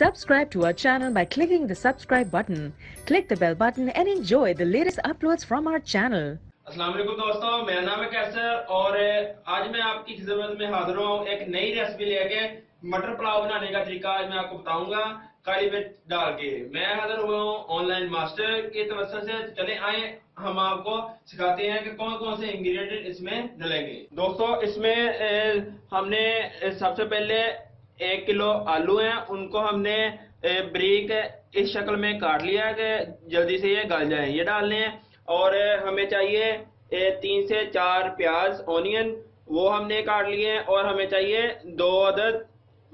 Subscribe to our channel by clicking the subscribe button. Click the bell button and enjoy the latest uploads from our channel. असलम दोस्तों मेरा नाम है कैसर और आज मैं आपकी खिदमत में हाजिर हूँ एक नई रेसिपी लेके मटर पुलाव बनाने का तरीका आज मैं आपको बताऊंगा काली मिर्च डाल के मैं हाजिर हुआ हूँ ऑनलाइन मास्टर के तवसर से चले आए हम आपको सिखाते हैं कि कौन कौन से इंग्रेडिएंट इसमें डलेंगे दोस्तों इसमें ए, हमने सबसे पहले एक किलो आलू हैं उनको हमने ब्रिक इस शक्ल में काट लिया कि जल्दी से ये गल जाए ये डालने हैं और हमें चाहिए तीन से चार प्याज ऑनियन वो हमने काट लिए हैं और हमें चाहिए दो अदद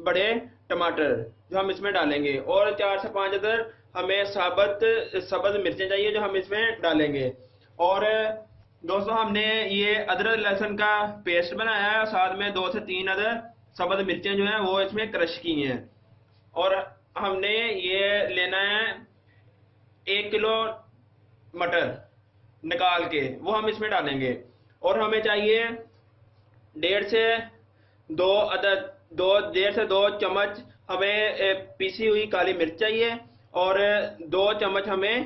बड़े टमाटर जो हम इसमें डालेंगे और चार से पाँच अदर हमें साबत सबज मिर्चें चाहिए जो हम इसमें डालेंगे और दोस्तों हमने ये अदरक लहसुन का पेस्ट बनाया है साथ में दो से तीन अदर सबद मिर्चें जो हैं वो इसमें क्रश की हैं और हमने ये लेना है एक किलो मटर निकाल के वो हम इसमें डालेंगे और हमें चाहिए डेढ़ से दो अदर दो डेढ़ से दो चम्मच हमें पीसी हुई काली मिर्च चाहिए और दो चम्मच हमें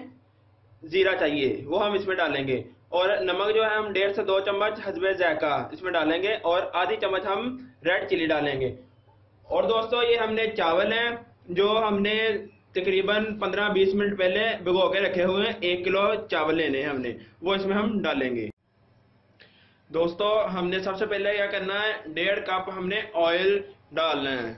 ज़ीरा चाहिए वो हम इसमें डालेंगे और नमक जो है हम डेढ़ से दो चम्मच हजबे जायका इसमें डालेंगे और आधी चम्मच हम रेड चिली डालेंगे और दोस्तों ये हमने चावल हैं जो हमने तकरीबन 15-20 मिनट पहले भिगो के रखे हुए हैं एक किलो चावल लेने हैं हमने वो इसमें हम डालेंगे दोस्तों हमने सबसे पहले क्या करना है डेढ़ कप हमने ऑयल डालना है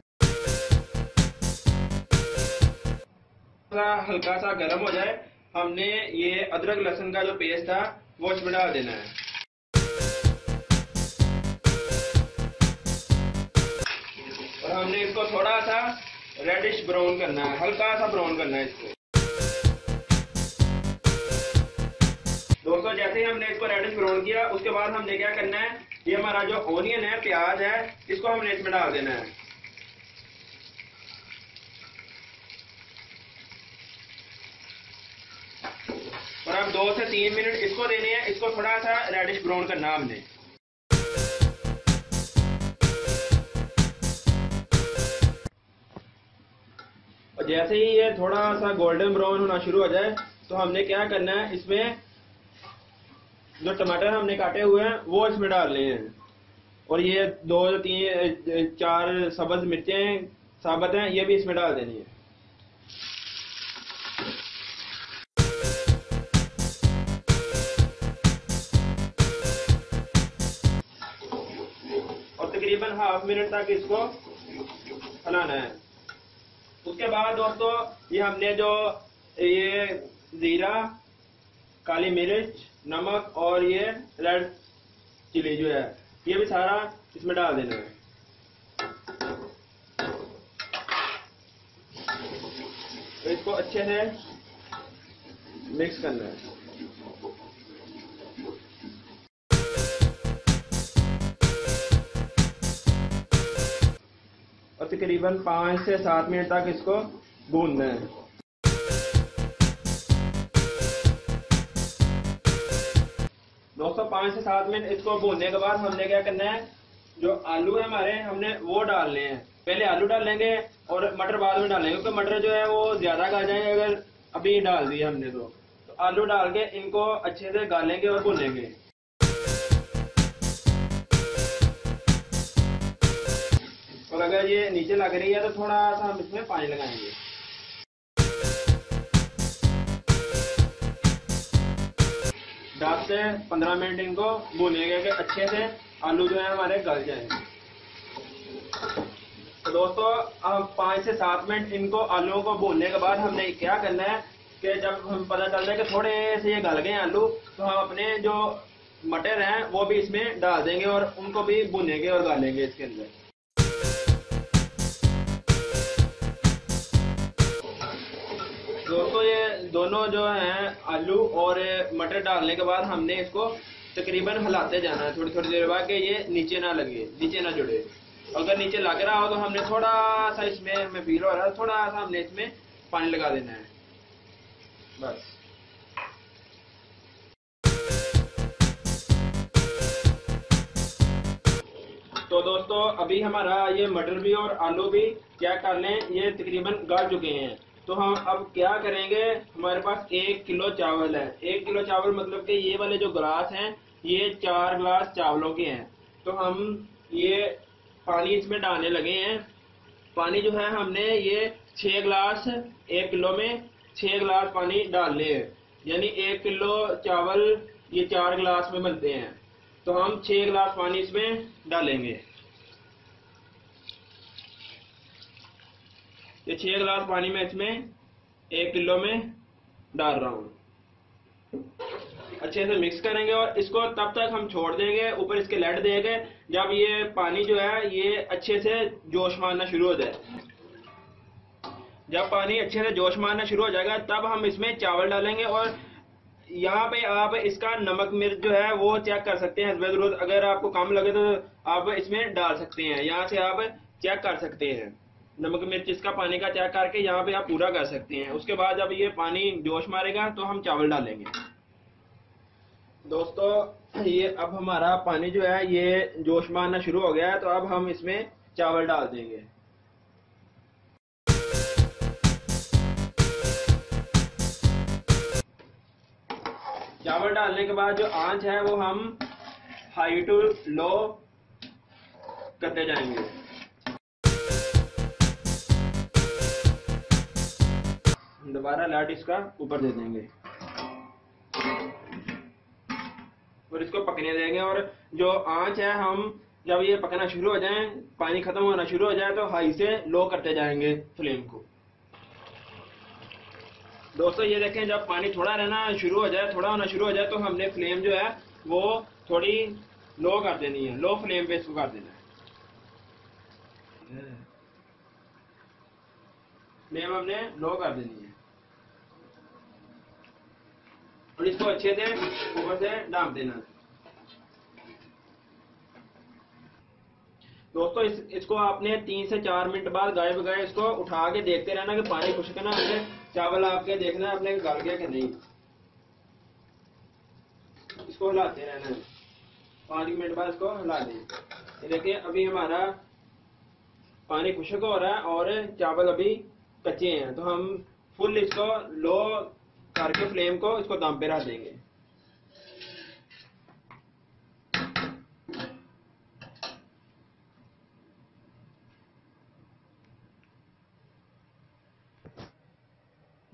हल्का सा गर्म हो जाए हमने ये अदरक लहसुन का जो पेस्ट था वॉच बढ़ा देना है और हमने इसको थोड़ा सा रेडिश ब्राउन करना है हल्का सा ब्राउन करना है इसको दोस्तों जैसे ही हमने इसको रेडिश ब्राउन किया उसके बाद हमने क्या करना है ये हमारा जो ऑनियन है प्याज है इसको हमने इसमें डाल देना है दो से तीन मिनट इसको देने हैं इसको थोड़ा सा रेडिश ब्राउन करना हमने जैसे ही ये थोड़ा सा गोल्डन ब्राउन होना शुरू हो जाए तो हमने क्या करना है इसमें जो टमाटर हमने काटे हुए हैं वो इसमें डालने हैं और ये दो तीन चार सब्ज मिर्चें साबत हैं ये भी इसमें डाल देनी है तकरीबन हाफ मिनट तक इसको हलाना है उसके बाद दोस्तों ये हमने जो ये जीरा काली मिर्च नमक और ये रेड चिली जो है ये भी सारा इसमें डाल देना है तो इसको अच्छे से मिक्स करना है तकरीबन पाँच से सात मिनट तक इसको भूनना है दोस्तों पाँच से सात मिनट इसको भूनने के बाद हमने क्या करना है जो आलू है हमारे हमने वो डालने हैं पहले आलू डालेंगे और मटर बाद में डालेंगे क्योंकि मटर जो है वो ज्यादा गा जाएंगे अगर अभी डाल दिए हमने तो, तो आलू डाल के इनको अच्छे से गालेंगे और भूनेंगे और अगर ये नीचे लग रही है तो थोड़ा सा हम इसमें पानी लगाएंगे दस से पंद्रह मिनट इनको भूनेंगे कि अच्छे से आलू जो है हमारे गल जाएंगे तो दोस्तों हम पाँच से सात मिनट इनको आलूओं को भूनने के बाद हमने क्या करना है कि जब हम पता चल जाए कि थोड़े से ये गल गए आलू तो हम अपने जो मटर हैं वो भी इसमें डाल देंगे और उनको भी भुनेंगे और गालेंगे इसके अंदर दोस्तों ये दोनों जो हैं आलू और मटर डालने के बाद हमने इसको तकरीबन हिलाते जाना है थोड़ी थोड़ी देर बाद के ये नीचे ना लगे नीचे ना जुड़े अगर नीचे लग रहा हो तो हमने थोड़ा सा इसमें हमें फील हो रहा है थोड़ा सा हमने इसमें पानी लगा देना है बस तो दोस्तों अभी हमारा ये मटर भी और आलू भी क्या कर लें ये तकरीबन गाड़ चुके हैं तो हम अब क्या करेंगे हमारे पास एक किलो चावल है एक किलो चावल मतलब कि ये वाले जो ग्लास हैं ये चार ग्लास चावलों के हैं तो हम ये पानी इसमें डालने लगे हैं पानी जो है हमने ये छः ग्लास एक किलो में छः ग्लास पानी डाल लिए यानी एक किलो चावल ये चार ग्लास में बनते हैं तो हम छः ग्लास पानी इसमें डालेंगे ये छह गिलास पानी में इसमें एक किलो में डाल रहा हूँ अच्छे से मिक्स करेंगे और इसको तब तक हम छोड़ देंगे ऊपर इसके लेट देंगे जब ये पानी जो है ये अच्छे से जोश मारना शुरू हो जाए जब पानी अच्छे से जोश मारना शुरू हो जाएगा तब हम इसमें चावल डालेंगे और यहाँ पे आप इसका नमक मिर्च जो है वो चेक कर सकते हैं अगर आपको कम लगे तो आप इसमें डाल सकते हैं यहाँ से आप चेक कर सकते हैं नमक मिर्च इसका पानी का त्याग करके यहाँ पे आप पूरा कर सकते हैं उसके बाद जब ये पानी जोश मारेगा तो हम चावल डालेंगे दोस्तों ये अब हमारा पानी जो है ये जोश मारना शुरू हो गया है तो अब हम इसमें चावल डाल देंगे चावल डालने के बाद जो आंच है वो हम हाई टू लो करते जाएंगे दोबारा लाट इसका ऊपर दे देंगे और इसको पकने देंगे और जो आंच है हम जब ये पकना शुरू हो जाए पानी खत्म होना शुरू हो जाए तो हाई से लो करते जाएंगे फ्लेम को दोस्तों ये देखें जब पानी थोड़ा रहना शुरू हो जाए थोड़ा होना शुरू हो जाए तो हमने फ्लेम जो है वो थोड़ी लो कर देनी है लो फ्लेम पे इसको कर देना है फ्लेम हमने लो कर देनी है और इसको अच्छे से ऊपर से डांप देना दोस्तों इस, इसको आपने तीन से चार मिनट बाद गाय बगाए इसको उठा के देखते रहना कि पानी खुश करना आपने चावल आपके देखना आपने गल गया कि नहीं इसको हिलाते रहना पांच मिनट बाद इसको हिला दें देखिए अभी हमारा पानी खुशक हो रहा है और चावल अभी कच्चे हैं तो हम फुल इसको लो करके फ्लेम को इसको दम पे रख देंगे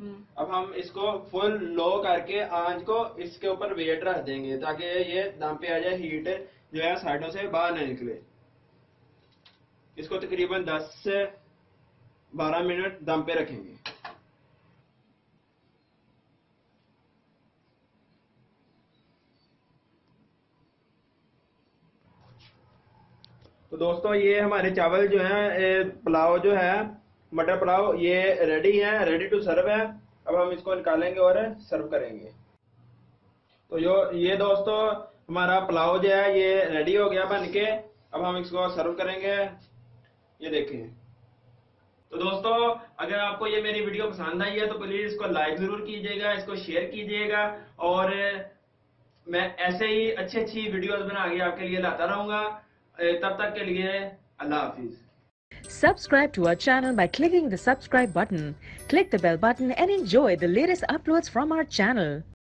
हम्म। अब हम इसको फुल लो करके आंच को इसके ऊपर वेट रख देंगे ताकि ये दम पे आ जाए हीट जो है साइडों से बाहर ना निकले इसको तकरीबन 10 से 12 मिनट दम पे रखेंगे तो दोस्तों ये हमारे चावल जो है पुलाव जो है मटर पुलाव ये रेडी है रेडी टू सर्व है अब हम इसको निकालेंगे और सर्व करेंगे तो यो ये दोस्तों हमारा पुलाव जो है ये रेडी हो गया बन के अब हम इसको सर्व करेंगे ये देखिए तो दोस्तों अगर आपको ये मेरी वीडियो पसंद आई है तो प्लीज इसको लाइक जरूर कीजिएगा इसको शेयर कीजिएगा और मैं ऐसे ही अच्छी अच्छी वीडियोस बना के आपके लिए लाता रहूंगा Eh, तब तक के लिए अल्लाह हाफिज Subscribe to our channel by clicking the subscribe button. Click the bell button and enjoy the latest uploads from our channel.